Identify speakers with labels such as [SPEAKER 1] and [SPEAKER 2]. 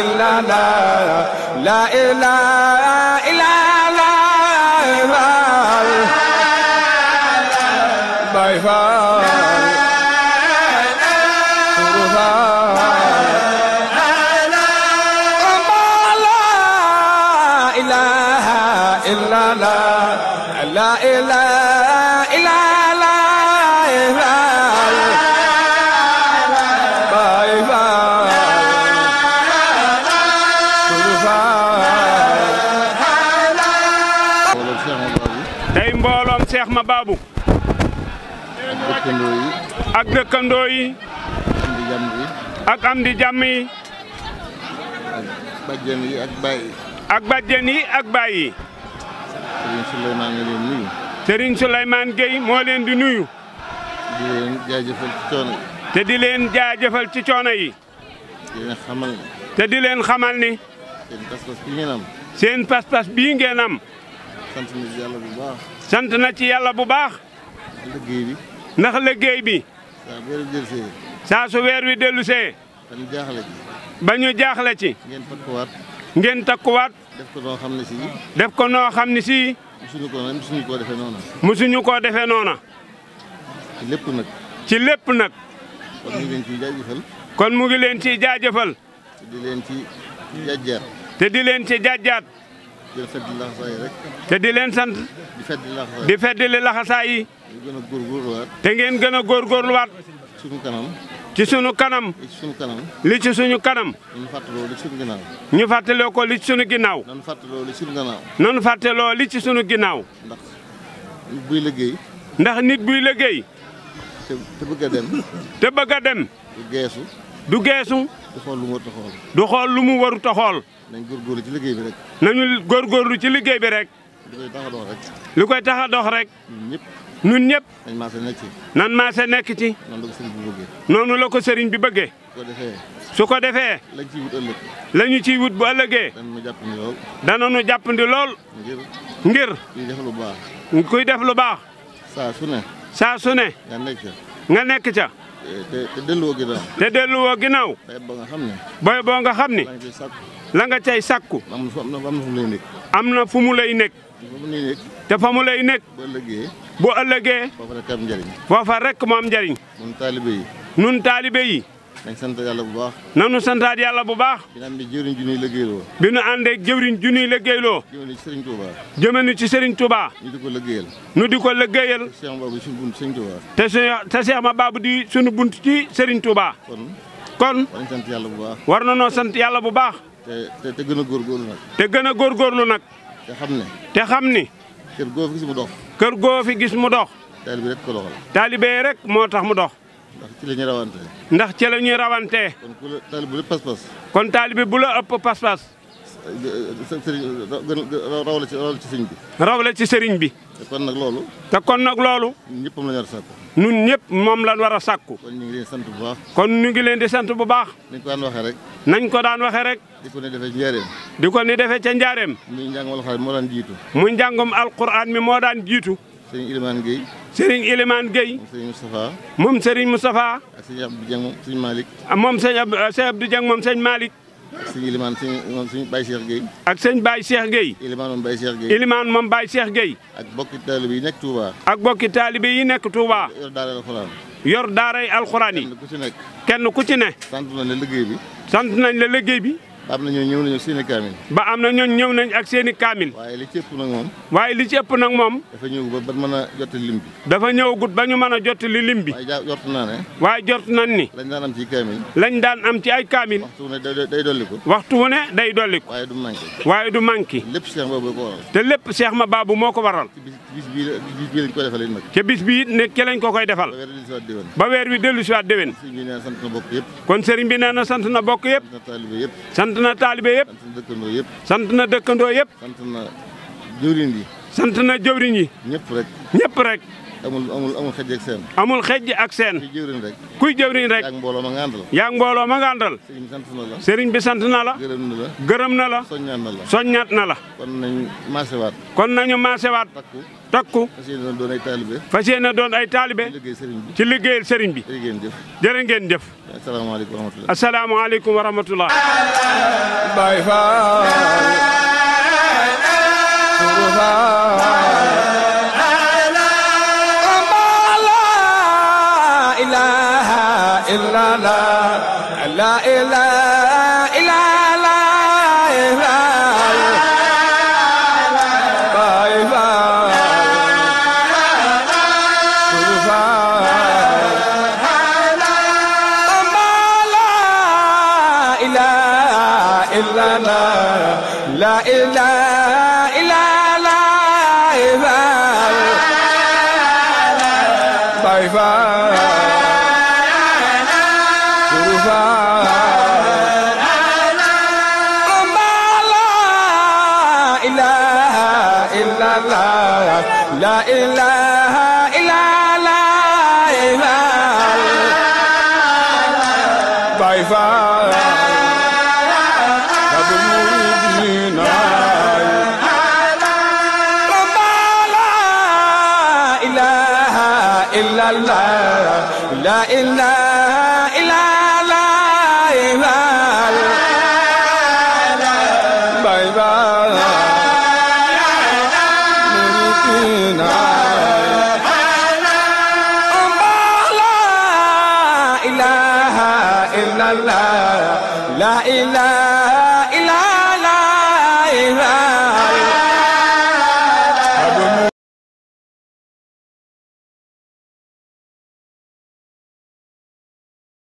[SPEAKER 1] إلا لا لا إله إلا لا باي فال لا إله إلا لا لا إله
[SPEAKER 2] Cheikh Mababou ak dëkkandoo yi ak am di jàmm yi ak bàjjen yi ak baay yi ak bàjjen yi ak baay yi Serigne Souleymane nga leen nuyu Serigne Souleymane Gueye moo leen di nuyu di leen jaajëfal ci coono yi te di leen jaajëfal ci coono yi di leen xamal ni te di leen seen pas bii ngeen seen pas bii ngeen sant nañu yàlla bu baax sant na ci yàlla bu baax. liggéey bi. ndax liggéey bi. saa su weer wi dellu see. ba ñu jaaxle ci. ba ñu jaaxle ci. ngeen takkuwaat. ngeen takkuwaat. def ko noo xam ne sii. def ko noo xam ne sii. musuñu ko musuñu koo defee noona. musuñu koo defee noona. ci lépp nag. ci lépp nag. kon mu ngi leen ciy jaajëfal. kon mu ngi leen ciy jaajëfal. te di leen ci jàjjaat. te di leen ci jàjjaat. di feddi laxasaay rek. te di leen sant. di feddi laxasaay di feddi laxasaay yi. gën a te ngeen gën a góorgóorluwaat. sunu kanam. ci sunu kanam. li ci sunu kanam. ci sunu kanam. ñu fàttaloo li ci ñu fàttaloo ko li ci sunu ginnaaw. nañu fàttaloo li ci sunu ginnaaw. nañu li ci sunu ginnaaw. ndax nit buy liggéey. ndax nit buy liggéey. te bëgg dem. te bëgg dem. du geesu. du geesu. du xool lu mu warut a xool. du xool lu mu warut a xool. góor góorgóorlu ci liggéey bi rek. nañu góorgóorlu ci liggéey bi rek. li koy tax a dox rek. li koy tax a dox rek. ñun ñëpp. ñëpp. nañ maase nekk ci. nan maase nekk ci. noonu la ko sëriñ bi bëggee. noonu la ko sëriñ bi bëggee. su ko defee. su ko defee. lañ ciy wut ëllëg. lañu ciy wut bu ëllëgee. danañu jàppandi lool. lool. ngir. kuy def lu baax. kuy def lu baax. saa su ne. saa su ne. nga nga nekk ca. te delluwoo ginnaaw. te delluwoo ginnaaw. béy boo nga xam ne. béy boo nga xam ne. la nga cay sàkku. am na fu mu lay nekk. am na fu mu lay nekk. te fa mu lay nekk. bu ëllëgee. bu ëllëgee. foofa rek am foofa rek mu am njëriñ. nun taalibe nañ sant yàlla bu baax. nanu santaat yàlla bu baax. bi nu àndee jëwriñ ju ñuy liggéeyloo. bi nu àndee jëwriñ ju ñuy liggéeyloo. jëmale ci Serigne Touba. jëmale ci Serigne Touba. ñu di ko liggéeyal. ñu di ko liggéeyal. te Cheikh Mababou sunu bunt Serigne Touba. te Cheikh te Cheikh Mababou di sunu bunt ci Serigne Touba. kon kon. war nañ sant yàlla bu baax. war nañoo sant yàlla bu baax. te te gën a góorgóorlu nag. te gën a góorgóorlu nag. xam ne. te xam ni. kër goo fi gis mu dox. kër goo fi gis mu dox. taalibe rek rek moo tax mu dox ndax ci la ñuy rawante. ndax ci la ñuy rawante. kon ku la taalibe bu la pas-pas. kon taalibe bu la ëpp pas-pas. raw la ci ci sëriñ bi. raw ci sëriñ bi. te kon nag loolu. te kon nag loolu. ñun ñëpp moom la ñu war a sàkku. ñun ñëpp moom la war a sàkku. kon ñu ngi leen di sant bu baax. kon ñu ngi leen di sant bu baax. nañ ko daan waxee rek. nañ ko daan waxee rek. di ko ni defee njaareem. di kon ni defee ca njaareem. muy njàngum alxuraan moo daan jiitu. mu njàngum alxuraan mi moo daan jiitu. sëriñ Ilimane Serigne Elimane Gueye. moom Serigne Moustapha. moom Serigne Moustapha. ak Serigne Abdou Dieng moom Serigne Malick. Ah, moom ah, Serigne Abdou Dieng moom Serigne Malick. ak sëñ Elimane moom sëñ Baye Cheikh Gueye. ak sëñ baay Cheikh Gueye. Elimane moom Baye Cheikh Gueye. Elimane moom Baye Cheikh Gueye. ak bokki taalibe yi nekk Touba. ak bokki taalibe yi nekk Touba. yor daaray alxuraan. yor daaray alxuraan yi. kenn ku ci nekk. kenn ku ci ne. sant nañ la liggéey bi. sant nañ la liggéey bi. ba am na ñoo ñëw nañ ak seen kaamil. ba am na ñoo ñëw nañ ak seen i waaye li ci ëpp nag moom. waaye li ci ëpp nag moom. dafa ñëwagut ba mën a jottali lim bi. dafa ñëwagut ba ñu mën a jot li lim bi. waaye jot jort ne. waaye jort nañ ni. lañ daan am ci kaamil. lañ daan am ci ay kaamil. waxtu wu ne day dolliku. waxtu wu ne day dolliku. waaye du manqué. waaye du manqué. lépp Cheikh Mabaabu moo ko waral. te lépp ma baabu moo ko waral. ci bis bii lañ ko defal nag. ca bis bii ne ke lañ ko koy defal. ba weer wi dellu si waat déwén. kon sëriñ bi naa na sant na bokk bi yëpp. sant na taalibe yëpp. sant na dëkkandoo yëpp. sant na dëkkandoo yëpp. sant na jëwriñ yi. sant na jëwriñ yi. ñëpp rek. ñëpp amul amul amul ak seen. amul xëj ak seen. kuy jëwriñ rek. kuy jëwriñ rek. yaa mbooloo ma nga àndal. yaa ngi mbooloo ma nga sëriñ bi sant na la. sëriñ gërëm na la. gërëm na la. soññaat na la. soññaat na la. kon nañu maasewaat. kon nañu maasewaat. takku takku. fas yéene doon ay taalibe. doon ay taalibe. ci liggéey sëriñ bi ci liggéeyal sëriñ bi. jërë ngeen jëf. jërë ngeen jëf. asalaamaaleykum wa rahmatulah. asalaamaaleykum wa rahmatulah. Baay
[SPEAKER 1] لا لا إله إلا لا لا إله إلا لا إله طيبان لا إله إلا لا باي فال رب المؤمنين رب لا إله إلا الله لا إله Bye bye. la ilaha
[SPEAKER 2] illa la ilaha